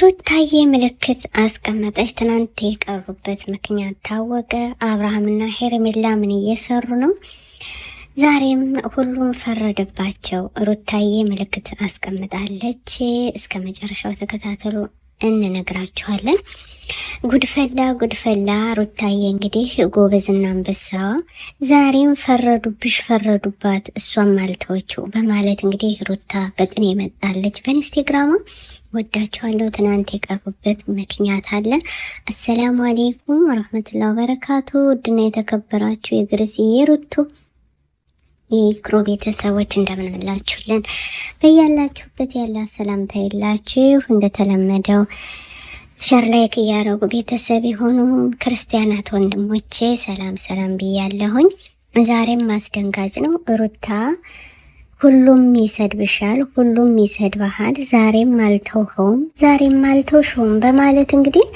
ሩታዬ ምልክት አስቀመጠች። ትናንት የቀሩበት ምክንያት ታወቀ። አብርሃምና ሄርሜላ ምን እየሰሩ ነው? ዛሬም ሁሉም ፈረደባቸው። ሩታዬ ምልክት አስቀምጣለች። እስከ መጨረሻው ተከታተሉ፣ እንነግራችኋለን። ጉድፈላ ጉድፈላ ሩታዬ እንግዲህ ጎበዝና አንበሳ ዛሬም ፈረዱብሽ ፈረዱባት፣ እሷም አልተወችው በማለት እንግዲህ ሩታ በጥን የመጣለች በኢንስቴግራሙ ወዳችኋለሁ። ትናንት የቀሩበት ምክንያት አለ። አሰላሙ አሌይኩም ወረህመቱላ ወበረካቱ። ውድና የተከበራችሁ የግርስ የሩቱ የኢክሮ ቤተሰቦች እንደምንምላችሁልን በያላችሁበት ያለ ሰላምታ የላችሁ እንደተለመደው ሸር ላይክ እያረጉ ቤተሰብ የሆኑ ክርስቲያናት ወንድሞቼ ሰላም ሰላም ብያለሁኝ። ዛሬም አስደንጋጭ ነው። ሩታ ሁሉም ይሰድብሻል፣ ሁሉም ይሰድብሃል፣ ዛሬም አልተውኸውም፣ ዛሬም አልተውሽውም በማለት እንግዲህ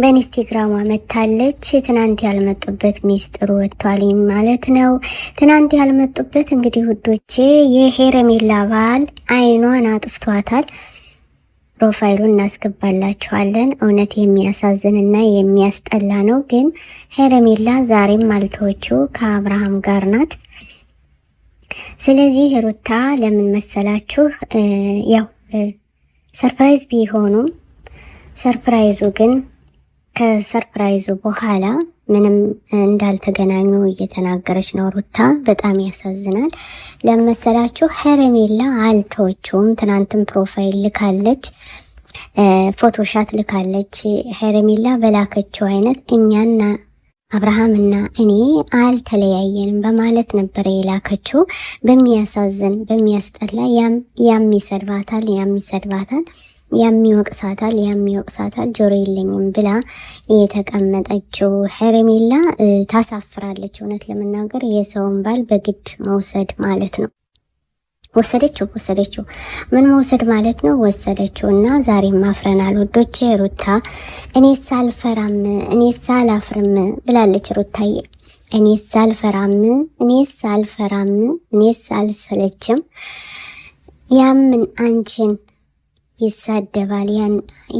በኢንስታግራሟ መታለች። ትናንት ያልመጡበት ሚስጥሩ ወጥቷልኝ ማለት ነው። ትናንት ያልመጡበት እንግዲህ ውዶቼ የሄረሜላ ባል አይኗን አጥፍቷታል። ፕሮፋይሉን እናስገባላችኋለን። እውነት የሚያሳዝን እና የሚያስጠላ ነው። ግን ሄረሜላ ዛሬም አልተወችው ከአብርሃም ጋር ናት። ስለዚህ ሩታ ለምን መሰላችሁ ያው ሰርፕራይዝ ቢሆኑም ሰርፕራይዙ ግን ከሰርፕራይዙ በኋላ ምንም እንዳልተገናኙ እየተናገረች ነው ሩታ። በጣም ያሳዝናል። ለመሰላችሁ ሄርሜላ አልተወችውም። ትናንትም ፕሮፋይል ልካለች፣ ፎቶሻት ልካለች። ሄርሜላ በላከችው አይነት እኛና አብርሃም እና እኔ አልተለያየንም በማለት ነበረ የላከችው። በሚያሳዝን በሚያስጠላ ያም ይሰድባታል፣ ያም ይሰድባታል። ያሚወቅሳታል ያሚወቅሳታል ጆሮ የለኝም ብላ የተቀመጠችው ሄርሜላ ታሳፍራለች። እውነት ለመናገር የሰውን ባል በግድ መውሰድ ማለት ነው። ወሰደችው ወሰደችው። ምን መውሰድ ማለት ነው? ወሰደችው እና ዛሬ ማፍረናል ወዶቼ። ሩታ እኔ ሳልፈራም እኔ ሳላፍርም ብላለች ሩታዬ። እኔ ሳልፈራም እኔ ሳልፈራም እኔ ሳልሰለችም ያምን አንቺን ይሳደባል።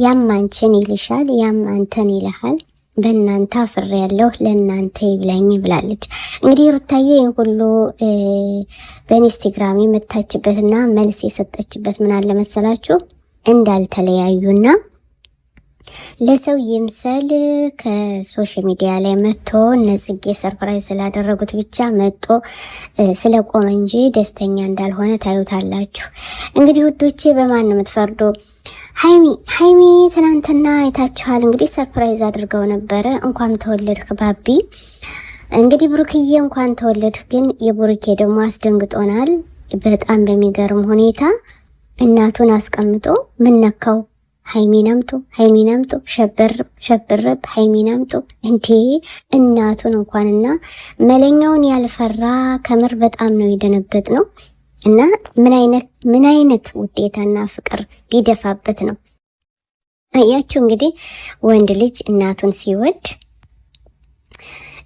ያም አንቺን ይልሻል፣ ያም አንተን ይልሃል። በእናንተ አፍሬ ያለሁ ለእናንተ ይብላኝ ብላለች። እንግዲህ ሩታዬ ይህን ሁሉ በኢንስታግራም የመታችበትና መልስ የሰጠችበት ምን አለ መሰላችሁ እንዳልተለያዩና ለሰው ይምሰል ከሶሻል ሚዲያ ላይ መጥቶ እነጽጌ ሰርፕራይዝ ስላደረጉት ብቻ መጦ ስለቆመ እንጂ ደስተኛ እንዳልሆነ ታዩታላችሁ። እንግዲህ ውዶቼ በማን ነው የምትፈርዱ? ሀይሚ ሀይሚ ትናንትና አይታችኋል። እንግዲህ ሰርፕራይዝ አድርገው ነበረ። እንኳን ተወለድክ ባቢ። እንግዲህ ብሩክዬ እንኳን ተወለድክ። ግን የብሩኬ ደግሞ አስደንግጦናል በጣም በሚገርም ሁኔታ እናቱን አስቀምጦ ምነካው ሀይሚን አምጡ፣ ሸበርብ ሸበርብ፣ ሀይሚን አምጡ። እንዴ እናቱን እንኳንና መለኛውን ያልፈራ ከምር በጣም ነው የደነገጥ ነው። እና ምን አይነት ምን አይነት ውዴታና ፍቅር ቢደፋበት ነው? አያችሁ እንግዲህ ወንድ ልጅ እናቱን ሲወድ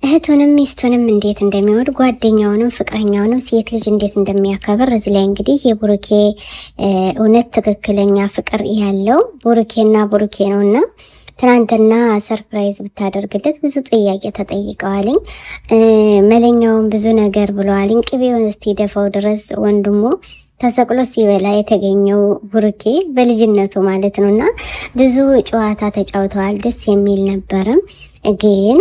እህቱንም ሚስቱንም እንዴት እንደሚወድ ጓደኛውንም ፍቅረኛውንም ሴት ልጅ እንዴት እንደሚያከብር እዚ ላይ እንግዲህ የቡሩኬ እውነት ትክክለኛ ፍቅር ያለው ቡሩኬና ቡሩኬ እና ትናንትና ሰርፕራይዝ ብታደርግለት ብዙ ጥያቄ ተጠይቀዋልኝ። መለኛውን ብዙ ነገር ብለዋልኝ። ቅቤውን እስቲ ደፋው ድረስ ወንድሞ ተሰቅሎ ሲበላ የተገኘው ቡሩኬ በልጅነቱ ማለት ነው እና ብዙ ጨዋታ ተጫውተዋል። ደስ የሚል ነበረም ግን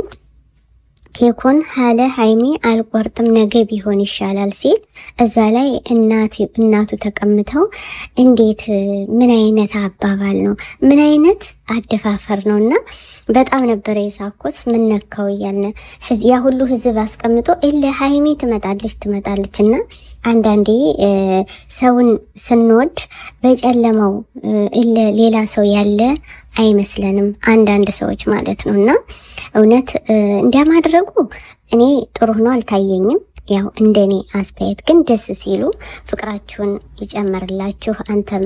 ኬኩን ሀለ ሀይሚ አልቆርጥም ነገ ቢሆን ይሻላል ሲል እዛ ላይ እናቱ ተቀምጠው እንዴት ምን አይነት አባባል ነው? ምን አይነት አደፋፈር ነው? እና በጣም ነበረ የሳኩት። ምነካው እያለ ያ ሁሉ ህዝብ አስቀምጦ እለ ሀይሚ ትመጣለች ትመጣለች እና አንዳንዴ ሰውን ስንወድ በጨለማው ሌላ ሰው ያለ አይመስለንም፣ አንዳንድ ሰዎች ማለት ነው። እና እውነት እንዲያማድረጉ እኔ ጥሩ ሆኖ አልታየኝም። ያው እንደኔ አስተያየት ግን ደስ ሲሉ ፍቅራችሁን ይጨምርላችሁ። አንተም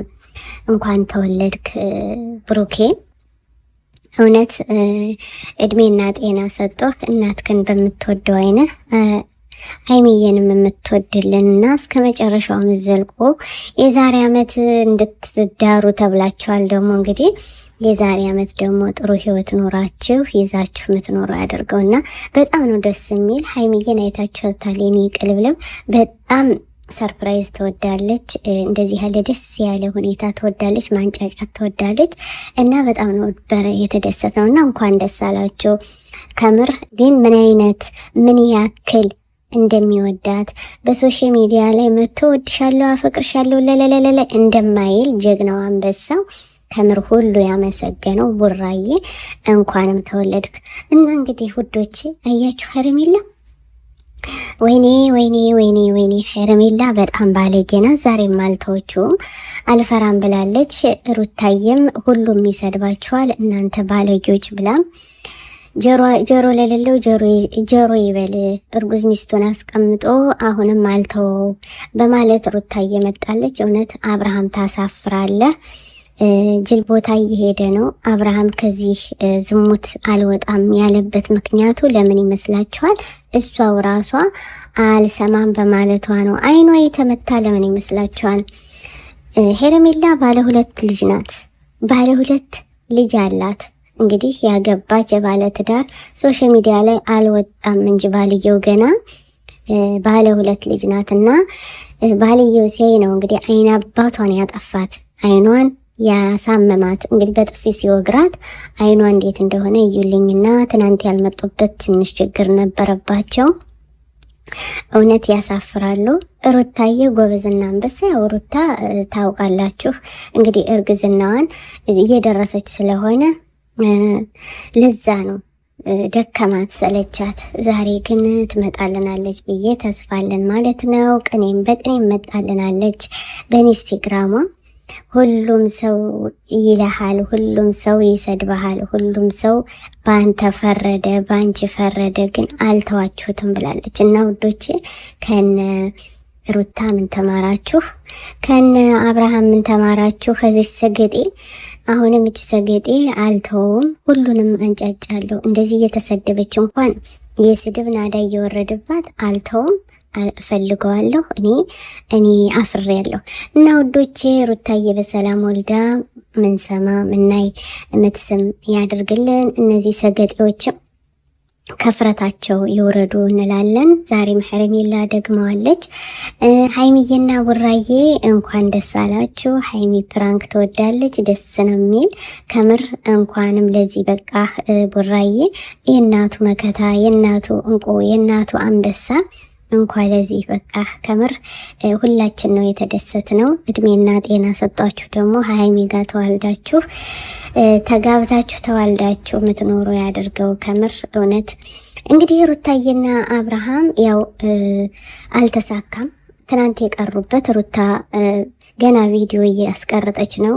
እንኳን ተወለድክ ብሩኬ እውነት እድሜና ጤና ሰጥቶህ እናትክን በምትወደው አይነት ሀይሚዬንም የምትወድልንና እስከ መጨረሻውም ዘልቆ የዛሬ ዓመት እንድትዳሩ ተብላችኋል። ደግሞ እንግዲህ የዛሬ ዓመት ደግሞ ጥሩ ህይወት ኖራችሁ ይዛችሁ የምትኖሩ እና በጣም ነው ደስ የሚል። ሀይሚዬን አይታችኋታል። የኔ ቅልብልም በጣም ሰርፕራይዝ ትወዳለች። እንደዚህ ያለ ደስ ያለ ሁኔታ ትወዳለች፣ ማንጫጫት ትወዳለች እና በጣም ነው የተደሰተው እና እንኳን ደስ አላቸው። ከምር ግን ምን አይነት ምን ያክል እንደሚወዳት በሶሻል ሚዲያ ላይ መጥቶ ወድሻለሁ፣ አፈቅርሻለሁ ለለለለለ እንደማይል ጀግናው አንበሳው ከምር ሁሉ ያመሰገነው ቡራዬ እንኳንም ተወለድክ። እና እንግዲህ ውዶች አያችሁ ሄርሜላ ወይኔ ወይኔ ወይኔ ወይኔ ሄርሜላ በጣም ባለጌና ዛሬም አልተወችውም አልፈራም ብላለች። ሩታዬም ሁሉም ይሰድባችኋል እናንተ ባለጌዎች ብላም ጆሮ ለሌለው ጆሮ ይበል፣ እርጉዝ ሚስቱን አስቀምጦ አሁንም አልተወው በማለት ሩታ እየመጣለች። እውነት አብርሃም ታሳፍራለ ጅል ቦታ እየሄደ ነው አብርሃም። ከዚህ ዝሙት አልወጣም ያለበት ምክንያቱ ለምን ይመስላችኋል? እሷው ራሷ አልሰማም በማለቷ ነው። አይኗ የተመታ ለምን ይመስላችኋል? ሄረሜላ ባለ ሁለት ልጅ ናት። ባለ ሁለት ልጅ አላት። እንግዲህ ያገባች የባለ ትዳር ሶሻል ሚዲያ ላይ አልወጣም እንጂ ባልየው ገና ባለ ሁለት ልጅ እና ባልየው ሲያይ ነው እንግዲህ አይን አባቷን ያጠፋት አይኗን ያሳመማት እንግዲህ በጥፊ ሲወግራት አይኗ እንዴት እንደሆነ እዩልኝና ትናንት ያልመጡበት ትንሽ ችግር ነበረባቸው። እውነት ያሳፍራሉ። ሩታዬ ጎበዝና አንበሳ። ያው ሩታ ታውቃላችሁ እንግዲህ እርግዝናዋን እየደረሰች ስለሆነ ለዛ ነው ደከማት ሰለቻት። ዛሬ ግን ትመጣልናለች ብዬ ተስፋለን ማለት ነው። ቅኔም በቅኔም መጣልናለች በኢንስቴግራሟ ሁሉም ሰው ይለሃል፣ ሁሉም ሰው ይሰድብሃል፣ ሁሉም ሰው በአንተ ፈረደ፣ በአንቺ ፈረደ፣ ግን አልተዋችሁትም ብላለች እና ውዶቼ ከነ ሩታ ምን ተማራችሁ? ከነ አብርሃም ምን ተማራችሁ? ከዚህ ሰገጤ አሁንም እች ሰገጤ አልተውም፣ ሁሉንም አንጫጫለሁ። እንደዚህ እየተሰደበች እንኳን የስድብ ናዳ እየወረደባት አልተውም እፈልገዋለሁ እኔ እኔ አፍሬ ያለሁ እና ውዶቼ ሩታዬ በሰላም ወልዳ ምንሰማ ምናይ ምትስም ያደርግልን። እነዚህ ሰገጤዎችም ከፍረታቸው ይውረዱ እንላለን። ዛሬም ሄርሜላ ደግመዋለች። ሀይሚዬና ቡራዬ እንኳን ደስ አላችሁ። ሀይሚ ፕራንክ ትወዳለች፣ ደስ ነው የሚል ከምር። እንኳንም ለዚህ በቃ ቡራዬ፣ የእናቱ መከታ፣ የእናቱ እንቁ፣ የእናቱ አንበሳ እንኳ ለዚህ በቃ ከምር ሁላችን ነው የተደሰት ነው። እድሜና ጤና ሰጧችሁ። ደግሞ ሀይሚ ጋር ተዋልዳችሁ ተጋብታችሁ ተዋልዳችሁ የምትኖሩ ያደርገው። ከምር እውነት እንግዲህ ሩታዬና አብርሃም ያው አልተሳካም። ትናንት የቀሩበት ሩታ ገና ቪዲዮ እያስቀረጠች ነው።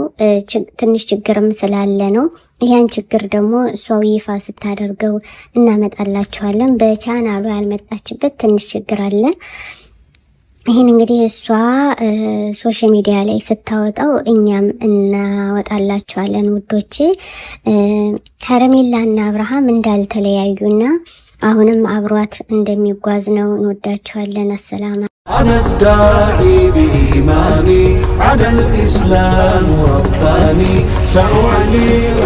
ትንሽ ችግርም ስላለ ነው። ያን ችግር ደግሞ እሷ ይፋ ስታደርገው እናመጣላችኋለን። በቻናሉ ያልመጣችበት ትንሽ ችግር አለን። ይህን እንግዲህ እሷ ሶሻል ሚዲያ ላይ ስታወጣው እኛም እናወጣላችኋለን ውዶቼ። ከረሜላና አብርሃም እንዳልተለያዩና አሁንም አብሯት እንደሚጓዝ ነው። እንወዳችኋለን። አሰላማ አነዳዒ ብኢማኒ ዐለል ኢስላም ረባኒ ሰኡዕሊ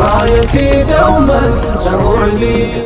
ራየቲ ደውመን ሰኡዕሊ